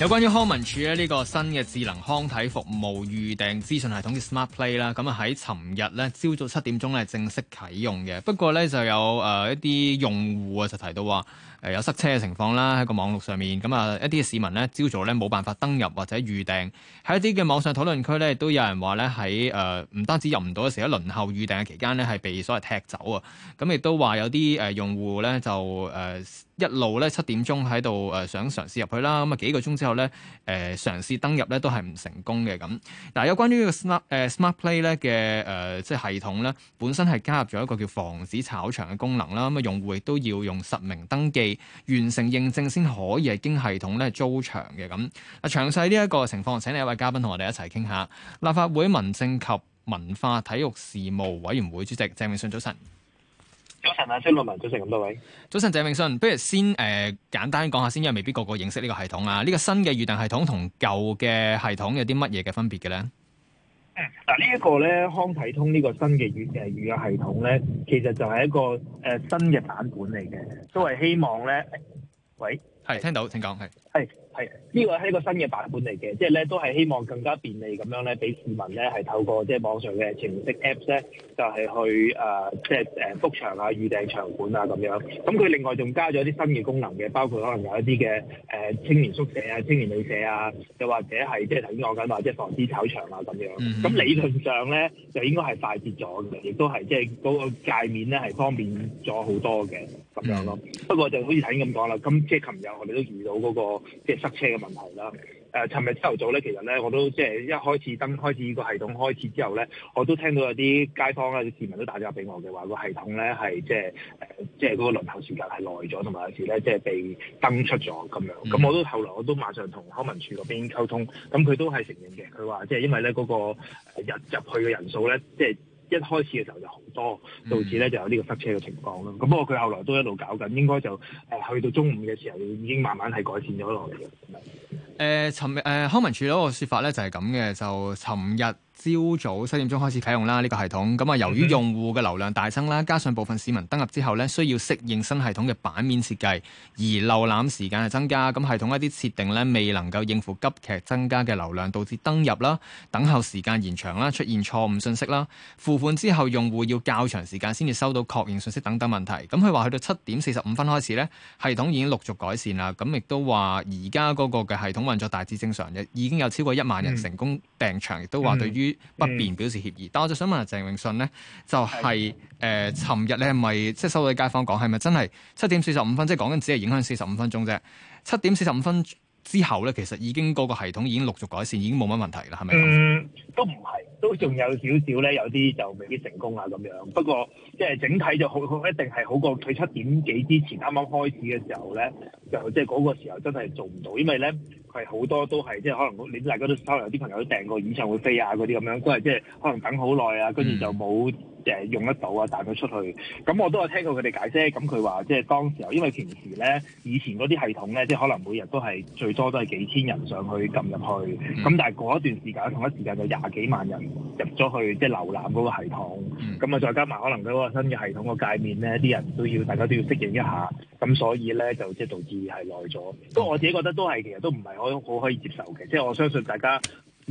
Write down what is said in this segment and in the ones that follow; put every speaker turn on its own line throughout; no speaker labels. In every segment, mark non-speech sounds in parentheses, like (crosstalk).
有關於康文署咧呢個新嘅智能康體服務預訂資訊系統嘅 Smart Play 啦，咁啊喺尋日咧朝早七點鐘咧正式啟用嘅，不過咧就有誒一啲用戶啊就提到話，誒、呃、有塞車嘅情況啦，喺個網絡上面咁啊、嗯，一啲市民呢，朝早呢冇辦法登入或者預訂，喺一啲嘅網上討論區咧，都有人話呢，喺誒唔單止入唔到嘅時候，輪候預訂嘅期間呢，係被所謂踢走啊，咁、嗯、亦都話有啲誒、呃、用戶呢，就誒、呃、一路呢，七點鐘喺度誒想嘗試入去啦，咁、嗯、啊幾個鐘之後呢，誒、呃、嘗試登入呢，都係唔成功嘅咁。嗱、嗯，但係有關於呢個 Smart 誒、呃、Smart Play 咧嘅誒即係系統呢，本身係加入咗一個叫防止炒場嘅功能啦，咁啊用戶亦都要用實名登記。完成認證先可以係經系統咧，租場嘅。咁嗱，詳細呢一個情況，請另一位嘉賓同我哋一齊傾下。立法會民政及文化體育事務委員會主席鄭泳舜，早晨。早晨啊，張樂文早晨咁多位，早晨，早晨鄭泳舜，不如先誒、呃、簡單講下先，因為未必個個認識呢個系統啊。呢、這個新嘅預訂系統同舊嘅系統有啲乜嘢嘅分別嘅咧？
呢一個咧康體通呢個新嘅預誒預約系統咧，其實就係一個誒、呃、新
嘅版本嚟嘅，
都係希望咧，喂，
係是是聽到請講，係是。
係呢、這個係一個新嘅版本嚟嘅，即係咧都係希望更加便利咁樣咧，俾市民咧係透過即係網上嘅程式 Apps 咧，就係、是、去誒即係誒 book 場啊、預訂場館啊咁樣。咁佢另外仲加咗啲新嘅功能嘅，包括可能有一啲嘅誒青年宿舍啊、青年旅舍啊，又或者係即係頭先我講緊即係防止炒場啊咁樣。咁、嗯、理論上咧就應該係快捷咗嘅，亦都係即係嗰個界面咧係方便咗好多嘅咁樣咯。嗯、不過就好似頭先咁講啦，咁即係琴日我哋都遇到嗰、那個即係。塞車嘅問題啦，誒、呃，尋日朝頭早咧，其實咧，我都即係一開始登開始呢個系統開始之後咧，我都聽到有啲街坊啊、市民都打電話俾我嘅話，個系統咧係即係誒，即係嗰個輪候時間係耐咗，同埋有時咧即係被登出咗咁樣。咁我都後來我都馬上同康文署嗰邊溝通，咁佢都係承認嘅，佢話即係因為咧嗰、嗰個入入去嘅人數咧，即、就、係、係、一開始嘅時候就好。哦，嗯、導致咧就有呢個塞車嘅情況咯。咁不過佢後來都一路搞緊，應該就誒去、呃、到中午嘅時
候已經慢慢係改善咗落嚟嘅。誒、呃，尋日誒康文署嗰個説法咧就係咁嘅，就尋日朝早七點鐘開始啟用啦，呢、這個系統。咁、嗯、啊，嗯、由於用戶嘅流量大增啦，加上部分市民登入之後呢需要適應新系統嘅版面設計，而瀏覽時間係增加，咁系統一啲設定呢未能夠應付急劇增加嘅流量，導致登入啦、等候時間延長啦、出現錯誤信息啦、付款之後用戶要較長時間先至收到確認信息等等問題，咁佢話去到七點四十五分開始呢，系統已經陸續改善啦。咁亦都話而家嗰個嘅系統運作大致正常嘅，已經有超過一萬人成功訂場，亦都話對於不便表示歉意。嗯嗯、但我就想問下鄭泳舜呢就係、是、誒，尋、嗯呃、日你係咪即係收到啲街坊講係咪真係七點四十五分？即係講緊只係影響四十五分鐘啫。七點四十五分，之後咧，其實已經嗰個系統已經陸續改善，已經冇乜問題啦，係咪？嗯，
都唔係，都仲有少少咧，有啲就未必成功啊咁樣。不過即係整體就好，一定係好過佢七點幾之前啱啱開始嘅時候咧，就即係嗰個時候真係做唔到，因為咧係好多都係即係可能你大家都可能有啲朋友都訂過演唱會飛啊嗰啲咁樣，都係即係可能等好耐啊，跟住就冇。嗯誒用得到啊，帶佢出去。咁我都有聽過佢哋解釋，咁佢話即係當時候，因為平時咧以前嗰啲系統咧，即係可能每日都係最多都係幾千人上去撳入去。咁、嗯、但係過一段時間，同一時間有廿幾萬人入咗去，即、就、係、是、瀏覽嗰個系統。咁啊、嗯，再加埋可能佢嗰個新嘅系統個界面咧，啲人都要大家都要適應一下。咁所以咧，就即係導致係耐咗。不過我自己覺得都係，其實都唔係好好可以接受嘅。即、就、係、是、我相信大家。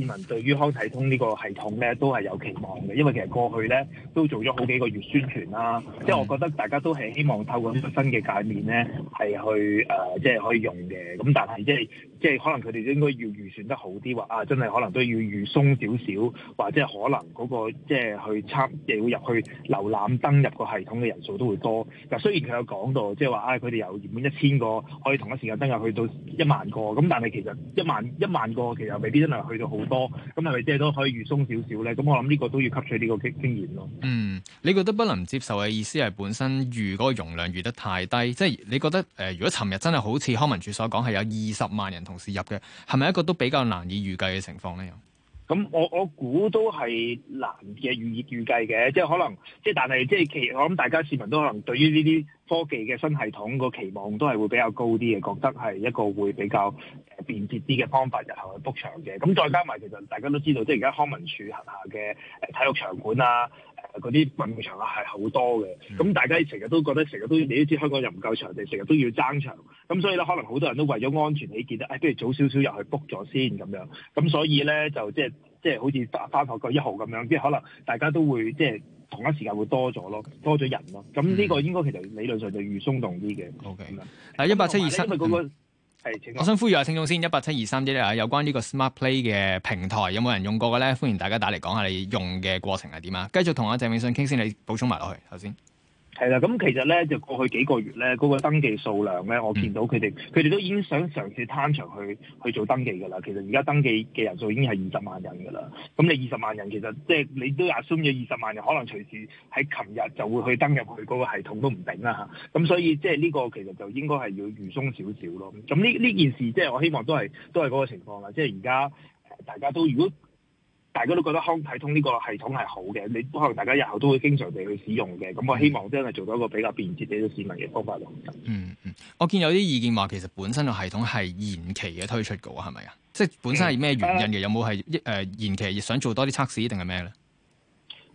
市民對於康體通呢個系統咧都係有期望嘅，因為其實過去咧都做咗好幾個月宣傳啦，嗯、即係我覺得大家都係希望透過呢個新嘅界面咧係去誒、呃，即係可以用嘅，咁但係即係。即係可能佢哋應該要預算得好啲，話啊真係可能都要預鬆少少，或者可能嗰、那個即係去測，亦會入去瀏覽登入個系統嘅人數都會多。嗱雖然佢有講到，即係話啊，佢、哎、哋由原本一千個可以同一時間登入去到一萬個，咁但係其實一萬一萬個其實未必真係去到好多，咁係咪即係都可以預鬆少少咧？咁我諗呢個都要吸取呢個經經驗咯。嗯，
你覺得不能接受嘅意思係本身預嗰個容量預得太低，即係你覺得誒、呃，如果尋日真係好似康文署所講係有二十萬人。同事入嘅係咪一個都比較難以預計嘅情況咧？
咁我我估都係難嘅預預計嘅，即係可能即係但係即係期，我諗大家市民都可能對於呢啲科技嘅新系統個期望都係會比較高啲嘅，覺得係一個會比較誒便捷啲嘅方法，日後去 book 場嘅。咁再加埋其實大家都知道，即係而家康文署轄下嘅誒體育場館啊。嗰啲運動場啊係好多嘅。咁、嗯嗯、大家成日都覺得成日都你都知香港又唔夠場地，成日都要爭場，咁所以咧可能好多人都為咗安全起見，得、哎，誒不如早少少入去 book 咗先咁樣，咁所以咧就即係即係好似翻翻學嗰一號咁樣，即係可能大家都會即係同一時間會多咗咯，多咗人咯，咁呢個應該其實理論上就越鬆動啲嘅。O
K。啊，一八七二三。嗯我想呼籲下聽眾先，一八七二三一一啊，有關呢個 Smart Play 嘅平台有冇人用過嘅咧？歡迎大家打嚟講下你用嘅過程係點啊！繼續同阿鄭泳舜傾先，你補充埋落去頭先。
係啦，咁、嗯、其實咧，就過去幾個月咧，嗰、那個登記數量咧，我見到佢哋，佢哋都已經想嘗試攤長去去做登記噶啦。其實而家登記嘅人數已經係二十萬人噶啦。咁你二十萬人，其實即係你都 assume 咗二十萬人，可能隨時喺琴日就會去登入佢嗰個系統都唔定啦嚇。咁、嗯、所以即係呢個其實就應該係要預鬆少少咯。咁呢呢件事即係我希望都係都係嗰個情況啦。即係而家誒，大家都如果。大家都覺得康體通呢個系統係好嘅，你可能大家日後都會經常地去使用嘅。咁我希望真係做到一個比較便捷嘅市
民嘅方法嚟、嗯。嗯嗯，我見有啲意見話，其實本身個系統係延期嘅推出㗎喎，係咪啊？即係本身係咩原因嘅？有冇係誒延期亦想做多啲測試定係咩咧？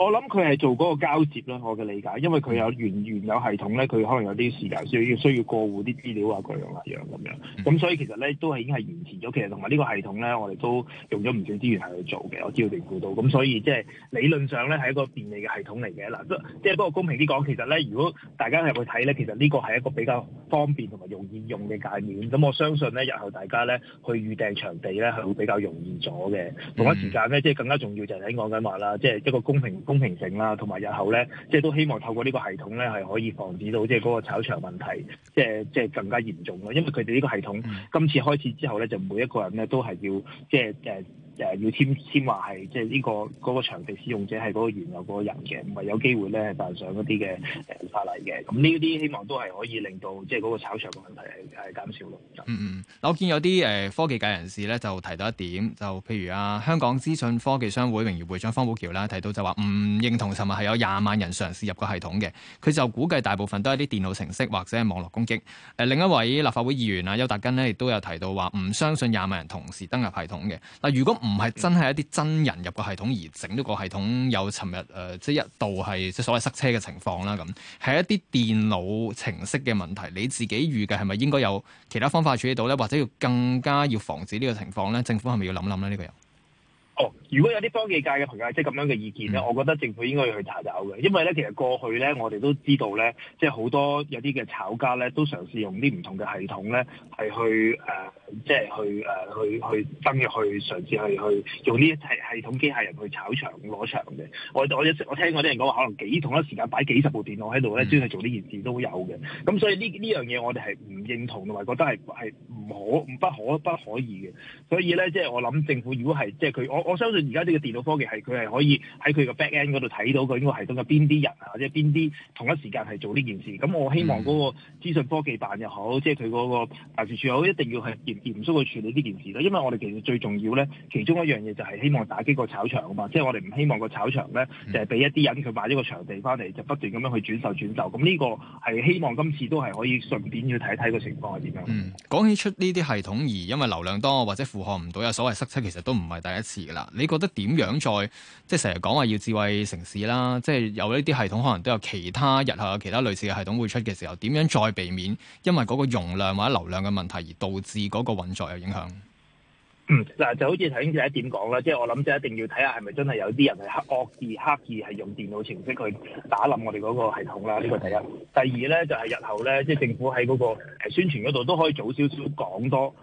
我諗佢係做嗰個交接啦，我嘅理解，因為佢有原原有系統咧，佢可能有啲時間需要需要過戶啲資料啊，各樣各樣咁樣。咁所以其實咧都係已經係完善咗，其實同埋呢個系統咧，我哋都用咗唔少資源係去做嘅，我知道點估到。咁所以即係理論上咧係一個便利嘅系統嚟嘅。嗱，即即係不過公平啲講，其實咧如果大家入去睇咧，其實呢個係一個比較方便同埋容易用嘅界面。咁我相信咧日後大家咧去預訂場地咧係會比較容易咗嘅。同一時間咧即係更加重要就係你講緊話啦，即係一個公平。公平性啦，同埋日後咧，即係都希望透過呢個系統咧，係可以防止到即係嗰個炒場問題，即係即係更加嚴重咯。因為佢哋呢個系統、mm. 今次開始之後咧，就每一個人咧都係要即係。誒。呃、要簽簽話係即係呢、這個嗰、那個場地使用者係嗰個原有嗰個人嘅，唔係有機會咧犯上一啲嘅誒法例嘅。咁呢啲希望都係可以令到即係嗰個炒場嘅問題係係減少咯、
嗯。嗯嗯，嗱我見有啲誒、呃、科技界人士咧就提到一點，就譬如啊香港資訊科技商會榮譽會長方保僑啦，提到就話唔認同尋日係有廿萬人嘗試入個系統嘅，佢就估計大部分都係啲電腦程式或者係網絡攻擊。誒、呃、另一位立法會議員啊邱達根呢亦都有提到話唔相信廿萬人同時登入系統嘅。嗱如果唔唔係真係一啲真人入個系統，而整咗個系統有尋日誒、呃，即一度係即所謂塞車嘅情況啦。咁係一啲電腦程式嘅問題。你自己預計係咪應該有其他方法處理到咧？或者要更加要防止呢個情況咧？政府係咪要諗諗咧？呢、呢個人。
Oh, 如果有啲科技界嘅朋友，即係咁樣嘅意見咧，嗯、我覺得政府應該要去查找嘅，因為咧，其實過去咧，我哋都知道咧，即係好多有啲嘅炒家咧，都嘗試用啲唔同嘅系統咧，係去誒，即係去誒、呃，去去，去登入去嘗試去去用呢一係系統機械人去炒場攞場嘅。我我一我聽嗰啲人講話，可能幾同一時間擺幾十部電腦喺度咧，專係，做呢件事都有嘅。咁所以呢呢樣嘢我哋係唔認同同埋覺得係係唔可唔不可不可以嘅。所以咧，即係我諗政府如果係即係佢我。我相信而家呢個電腦科技係佢係可以喺佢個 back end 嗰度睇到佢呢個系統嘅邊啲人啊，或者邊啲同一時間係做呢件事。咁我希望嗰個資訊科技辦又好，嗯、即係佢嗰個辦事處又好，一定要係嚴嚴肅去處理呢件事啦。因為我哋其實最重要咧，其中一樣嘢就係希望打擊個炒場啊嘛，即係我哋唔希望個炒場咧、嗯、就係俾一啲人佢買咗個場地翻嚟，就不斷咁樣去轉售轉售。咁呢個係希望今次都係可以順便要睇睇個情況係點樣。嗯，
講起出呢啲系統而因為流量多或者負荷唔到有所謂塞車，其實都唔係第一次噶啦。你覺得點樣再？即係成日講話要智慧城市啦，即係有呢啲系統，可能都有其他日後有其他類似嘅系統會出嘅時候，點樣再避免因為嗰個容量或者流量嘅問題而導致嗰個運作有影響？
嗱 (noise) 就好似頭先第一點講啦，即係我諗就一定要睇下係咪真係有啲人係惡意刻意係用電腦程式去打冧我哋嗰個系統啦，呢個第一。第二咧就係日後咧，即係政府喺嗰個誒宣傳嗰度都可以早少少講多。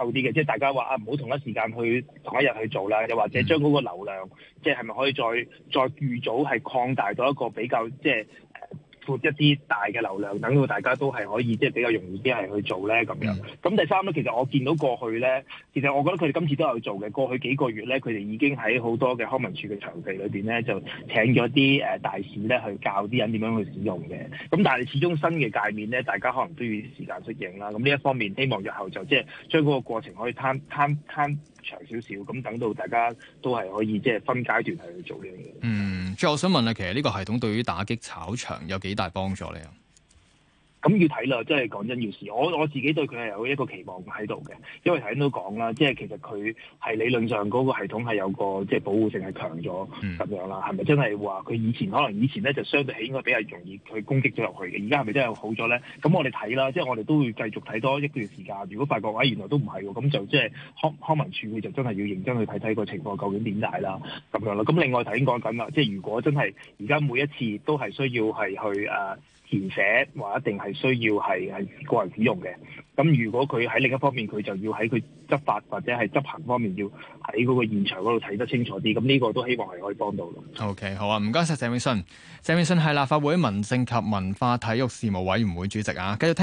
夠啲嘅，即係大家話啊，唔好同一時間去同一日去做啦，又或者將嗰個流量，即係係咪可以再再預早係擴大到一個比較，即係。誒。闊一啲大嘅流量，等到大家都係可以即係比較容易啲係去做咧，咁樣。咁第三咧，其實我見到過去咧，其實我覺得佢哋今次都有做嘅。過去幾個月咧，佢哋已經喺好多嘅康文署嘅場地裏邊咧，就請咗啲誒大使咧去教啲人點樣去使用嘅。咁但係始終新嘅界面咧，大家可能都要時間適應啦。咁呢一方面，希望日後就即係將嗰個過程可以攤攤攤長少少，咁等到大家都係可以即係分階段係去做呢樣嘢。
嗯。再我想問啊，其實呢個系統對於打擊炒場有幾大幫助呢？
咁要睇啦，即係講真要事我我自己對佢係有一個期望喺度嘅。因為頭先都講啦，即係其實佢係理論上嗰個系統係有個即係保護性係強咗咁、嗯、樣啦。係咪真係話佢以前可能以前咧就相對起應該比較容易去攻擊咗入去嘅？而家係咪真係好咗咧？咁我哋睇啦，即係我哋都會繼續睇多一段時間。如果發覺哇、哎，原來都唔係喎，咁就即係康康文署佢就真係要認真去睇睇個情況究竟點解啦咁樣啦。咁另外頭先講緊啦，即係如果真係而家每一次都係需要係去誒。呃填寫話一定係需要係係個人使用嘅，咁如果佢喺另一方面佢就要喺佢執法或者係執行方面要喺嗰個現場嗰度睇得清楚啲，咁呢個都希望係可以幫到嘅。
OK，好啊，唔該晒鄭泳舜，鄭泳舜係立法會民政及文化體育事務委員會主席啊，繼續聽。